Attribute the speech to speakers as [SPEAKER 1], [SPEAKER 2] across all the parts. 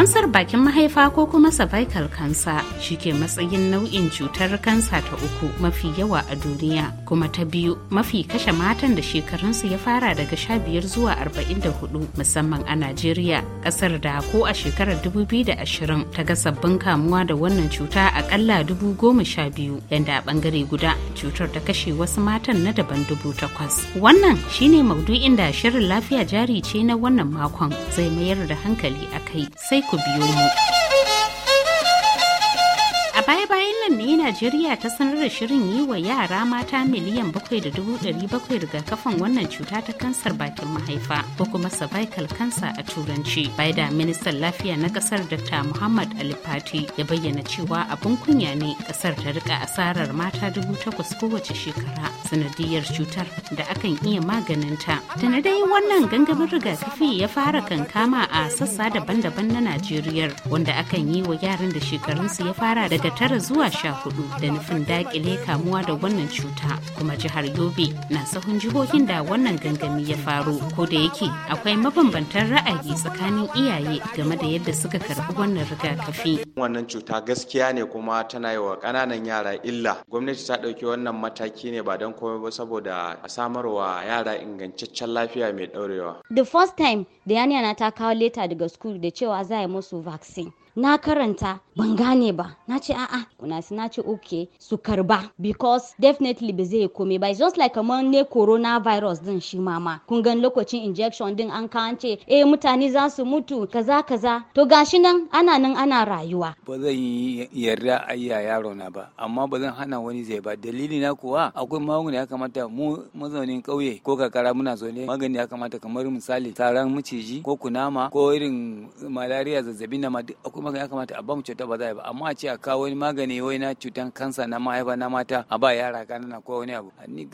[SPEAKER 1] kansar bakin mahaifa ko kuma cervical shi ke matsayin nau'in cutar kansa ta uku mafi yawa a duniya kuma ta biyu mafi kashe matan da shekarunsu ya fara daga sha biyar zuwa arba'in da hudu musamman a najeriya kasar da ko a shekarar da ashirin ta ga sabbin kamuwa da wannan cuta akalla dubu goma sha biyu yadda a bangare guda cutar ta kashe wasu matan na daban dubu takwas wannan shine maudu'in da shirin lafiya jari ce na wannan makon zai mayar da hankali a kai sai 可别弄。Shirin ne najeriya ta sanar da shirin yi wa yara mata miliyan bakwai da dubu ɗari bakwai rigakafin wannan cuta ta kansar bakin mahaifa ko kuma cervical cancer a turanci bai da ministan lafiya na ƙasar dr muhammad alifati ya bayyana cewa abin kunya ne ƙasar ta rika asarar mata dubu takwas kowace shekara sanadiyar cutar da akan iya maganinta tana dai wannan gangamin rigakafi ya fara kankama a sassa daban-daban na najeriya wanda akan yi wa yaran da shekarunsu ya fara daga tara zuwa hudu da nufin dakile kamuwa da wannan cuta kuma jihar Yobe na sahun jihohin da wannan gangami ya faru ko da yake akwai mabambantan ra'ayi tsakanin iyaye game da yadda suka karbi wannan rigakafi.
[SPEAKER 2] Wannan cuta gaskiya ne kuma tana yi wa ƙananan yara illa. Gwamnati ta ɗauki wannan mataki ne ba don komai ba saboda a samarwa yara ingantaccen lafiya mai ɗaurewa.
[SPEAKER 3] The first time da na ta kawo leta daga school da cewa za a yi musu vaccine. na karanta ban gane ba na ce a'a kuna su na ce okay su karba because definitely ba zai kome ba just like kamar ne coronavirus din shi ma lokacin injection din an kan ce eh mutane za su mutu kaza kaza to gashi nan ana nan ana rayuwa
[SPEAKER 2] ba zan yi yarda ayya yaro na ba amma ba zan hana wani zai ba dalili na kuwa akwai magani ya kamata mu mazaunin kauye ko kakara muna zo ne magani ya kamata kamar misali taron miciji ko kunama ko irin malaria zazzabi na ma duk kuma ya kamata a bamu cuta ba za ba amma a ce a kawo wani magani wai na cutan kansa na mahaifa na mata a ba yara kanana ko wani abu.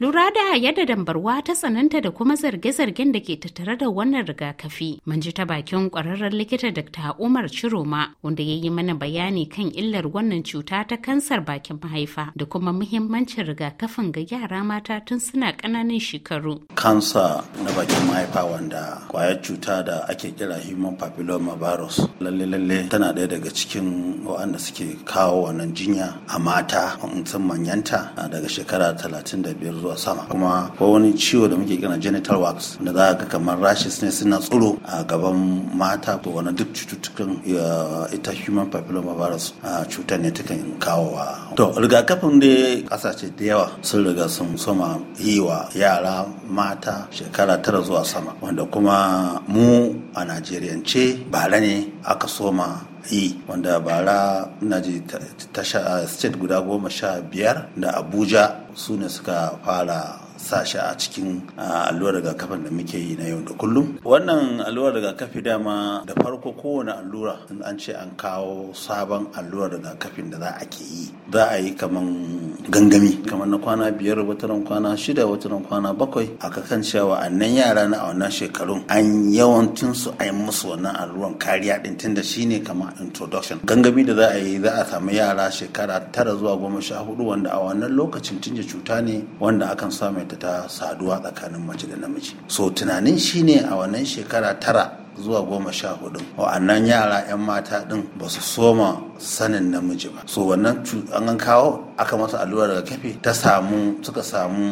[SPEAKER 1] Lura da yadda dambarwa ta tsananta da kuma zarge-zargen da ke tattare da wannan rigakafi. Mun ji ta bakin kwararren likita Dr. Umar Chiroma wanda ya yi mana bayani kan illar wannan cuta ta kansar bakin mahaifa da kuma muhimmancin rigakafin ga yara mata tun suna ƙananan shekaru.
[SPEAKER 2] Kansa na bakin mahaifa wanda kwayar cuta da ake kira human papilloma virus lalle lalle tana ɗaya daga cikin waɗanda suke kawo wannan jinya a mata mutum manyanta daga shekara 35 zuwa sama kuma ko wani ciwo da muke kira genital wax da za ga kamar rashes ne suna tsoro a gaban mata ko wani duk cututtukan eh, ita human papilloma virus eh, cutar ne kan kawo wa to rigakafin da kasashe da yawa sun riga sun soma yi wa yara mata shekara tara zuwa sama wanda kuma mu a najeriyance bara ne aka soma yi e, wanda bara na ji tasha state guda goma sha biyar da abuja su ne suka fara sa shi a cikin allurar rigakafin da muke yi na yau da kullum wannan allurar rigakafi dama da farko kowane allura an ce an kawo sabon allurar kafin da za a ke yi za a yi kaman gangami kamar na kwana biyar wataran kwana shida wataran kwana bakwai a kan cewa annan yara na a wannan shekarun an yawancin su a yi musu wannan alluran kariya din tunda shine kamar introduction gangami da za a yi za a samu yara shekara tara zuwa goma sha hudu wanda a wannan lokacin tunje cuta ne wanda akan samu ta ta saduwa tsakanin mace da namiji so tunanin shine a wannan shekara tara zuwa goma sha hudu wa'annan yara 'yan mata din ba su soma sanin namiji ba so wannan an kawo aka masa allurar rigakafi ta samu suka samu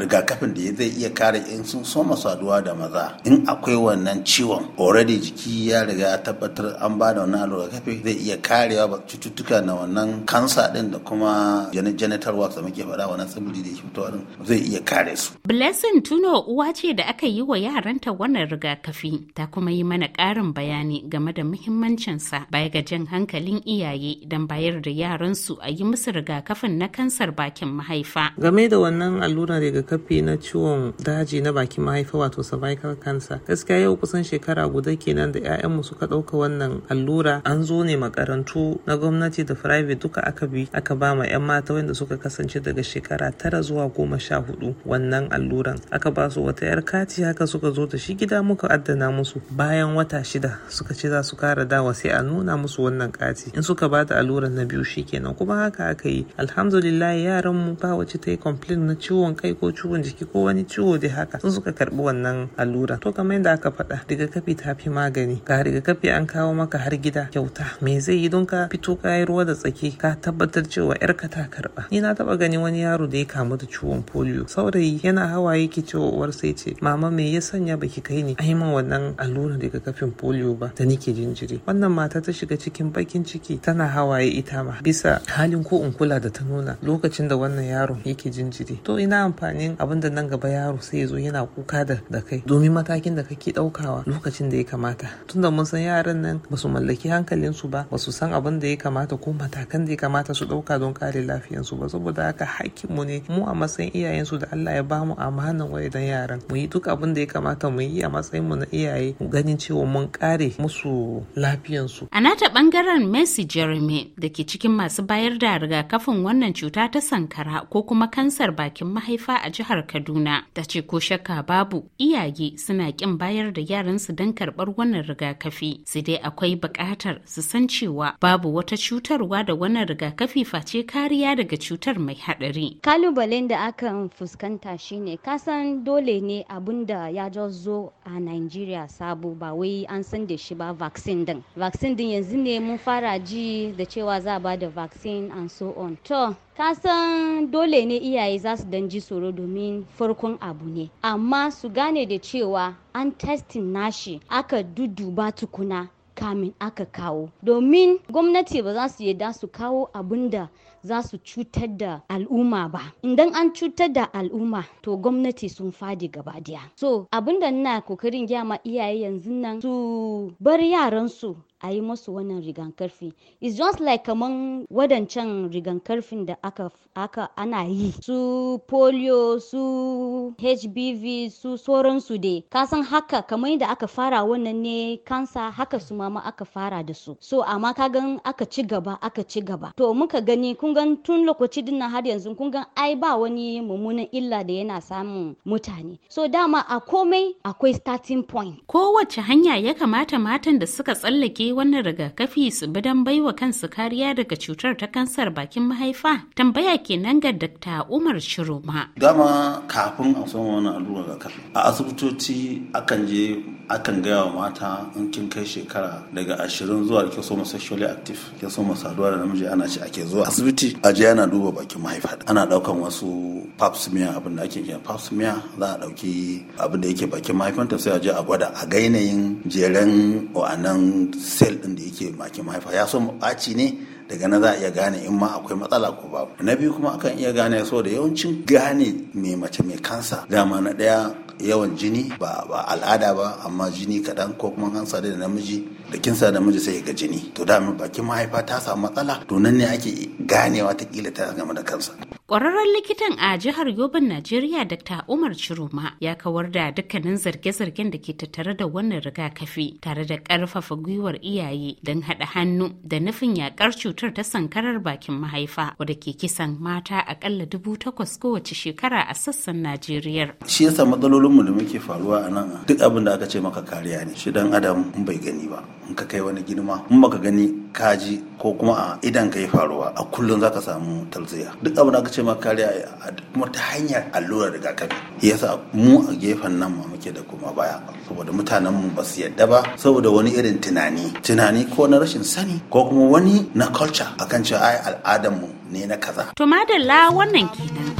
[SPEAKER 2] rigakafin da zai iya kare in sun soma saduwa da maza in akwai wannan ciwon already jiki ya riga ya tabbatar an ba da wannan allurar rigakafi zai iya karewa ba cututtuka na wannan kansa din da kuma genital wax da muke faɗa wannan da ke zai iya kare su.
[SPEAKER 1] Blessing Tuno uwa ce da aka yi wa yaranta wannan rigakafi ta kuma yi mana ƙarin bayani game da muhimmancinsa baya ga jan hankalin iyaye don bayar da yaransu a yi musu rigakafi rigakafin na kansar bakin mahaifa. Game
[SPEAKER 4] da wannan allurar rigakafi na ciwon daji na bakin mahaifa wato cervical cancer. Gaskiya yau kusan shekara guda kenan da 'ya'yanmu suka ɗauka wannan allura an zo ne makarantu na gwamnati da private duka aka bi aka ba ma 'yan mata wanda suka kasance daga shekara tara zuwa goma sha hudu wannan alluran aka ba su wata 'yar kati haka suka zo da shi gida muka addana musu bayan wata shida suka ce za su kara dawa sai a nuna musu wannan kati in suka ba da alluran na biyu shi kenan kuma haka aka yi alhamdulillah yaran mu ba wacce ta yi complain na ciwon kai ko ciwon jiki ko wani ciwo da haka sun suka karbi wannan allura to kamar yadda aka faɗa rigakafi ta fi magani ga kafi an kawo maka har gida kyauta me zai yi don ka fito kayan ruwa da tsaki ka tabbatar cewa yarka ta karba ni na taba gani wani yaro da ya kamu da ciwon polio saurayi yana hawaye ke cewa uwar sai ce mama me ya sanya baki kai ni ai min wannan daga kafin polio ba da nike jinjiri wannan mata ta shiga cikin bakin ciki tana hawaye ita ma bisa halin ko in kula da da ta nuna lokacin da wannan yaron yake jinjiri to ina amfanin abin da nan gaba yaro sai ya zo yana kuka da da kai domin matakin da kake daukawa lokacin da ya kamata tunda mun san yaran nan ba su mallaki hankalinsu ba ba su san abin da ya kamata ko matakan da ya kamata su dauka don kare lafiyansu ba saboda haka hakkin mu ne mu a matsayin su da Allah ya bamu amanan dan yaran mu yi duk abin da ya kamata mu yi a matsayin mu na iyaye mu ganin cewa mun kare musu lafiyansu
[SPEAKER 1] a nata bangaren Messi Jeremy da ke cikin masu bayar da rigakafin wannan cuta ta sankara ko kuma kansar bakin mahaifa a jihar Kaduna ta ce ko shakka babu iyaye suna kin bayar da yaransu don karɓar wannan rigakafi sai dai akwai buƙatar su san cewa babu wata cutarwa da wannan rigakafi face kariya daga cutar mai haɗari.
[SPEAKER 3] Kalubalen da aka fuskanta shine kasan dole ne abun da ya zo a nigeria sabo ba wai an san da shi ba vaccine din. Vaccine din yanzu ne mun fara ji da cewa za a ba da vaccine and so on. To, san dole ne iyaye za su danji tsoro domin farkon abu ne, amma su gane da cewa an testin nashi aka duduba tukuna kamin aka kawo. Domin gwamnati ba za su yadda su kawo abin da za su cutar da al'umma ba. Idan an cutar da al'umma to gwamnati sun fadi gaba daya. So abin da ina kokarin gyama iyaye yanzu nan su bar yaransu a yi masu wannan rigan karfi it's just like kaman wadancan karfin da aka, aka ana yi su polio su hbv su sauransu dai san haka kamar da aka fara wannan ne kansa haka su ma aka fara da su so amma ka gan aka ci gaba aka ci gaba to muka gani kun gan tun lokaci dinnan har yanzu kun gan ai ba wani mummunan illa da yana samun mutane so dama a komai akwai starting point
[SPEAKER 1] kowace hanya ya kamata matan da suka tsallake yi wannan rigakafi su bi don baiwa kansu kariya daga cutar ta kansar bakin mahaifa? Tambaya kenan ga Dr. Umar Shiroma.
[SPEAKER 2] Dama kafin a wani wannan allurar rigakafi a asibitoci akan je akan gaya wa mata in kin kai shekara daga ashirin zuwa ke so sexually active ke so saduwa da namiji ana ce ake zuwa asibiti a je ana duba bakin mahaifa ana daukan wasu pap smear abin da ake kira pap smear za a dauki abin da yake bakin mahaifanta sai a je a gwada a ga yanayin jeren wa'annan cell ɗin da yake makin mahaifa ya so ɓaci ne daga na za a iya gane in ma akwai matsala ko babu na biyu kuma akan iya gane so da yawancin gane mai mace mai kansa dama na ɗaya yawan jini ba ba al'ada ba amma jini kaɗan ko kuma kansa da namiji da kinsa da namiji sai ga jini to dama bakin mahaifa ta samu matsala to nan ne ake ganewa ta kila ta game da kansa
[SPEAKER 1] Ƙwararren likitan a jihar Yobin Najeriya Dr. Umar Chiroma ya kawar da dukkanin zarge-zargen da ke tattare da wannan rigakafi tare da ƙarfafa gwiwar iyaye don haɗa hannu da nufin yaƙar cutar ta sankarar bakin mahaifa wadda ke kisan mata aƙalla dubu takwas kowace shekara a sassan Najeriya.
[SPEAKER 2] Shi yasa mu da muke faruwa a nan duk abin da aka ce maka kariya ne shi dan adam in bai gani ba in ka kai wani girma in baka gani kaji ko kuma a idan ka yi faruwa a kullum za ka samu talziya duk abin da aka ce maka kariya kuma ta hanyar allurar rigakafi yasa mu a gefen nan ma muke da kuma baya saboda mutanen mu ba su yadda ba saboda wani irin tunani tunani ko na rashin sani ko kuma wani na culture akan cewa ai al'adar mu ne na kaza
[SPEAKER 1] to madalla wannan kenan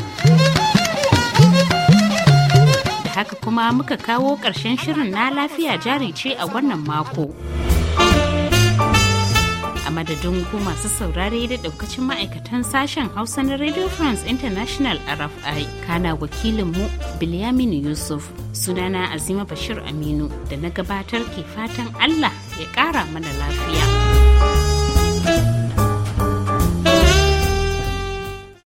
[SPEAKER 1] haka kuma muka kawo ƙarshen shirin na lafiya jari ce a wannan mako. a madadin ku masu saurare da daukacin ma'aikatan sashen hausa na radio france international rfi kana mu bilyamin yusuf sunana azima bashir aminu da na gabatar ke fatan allah ya kara mana lafiya.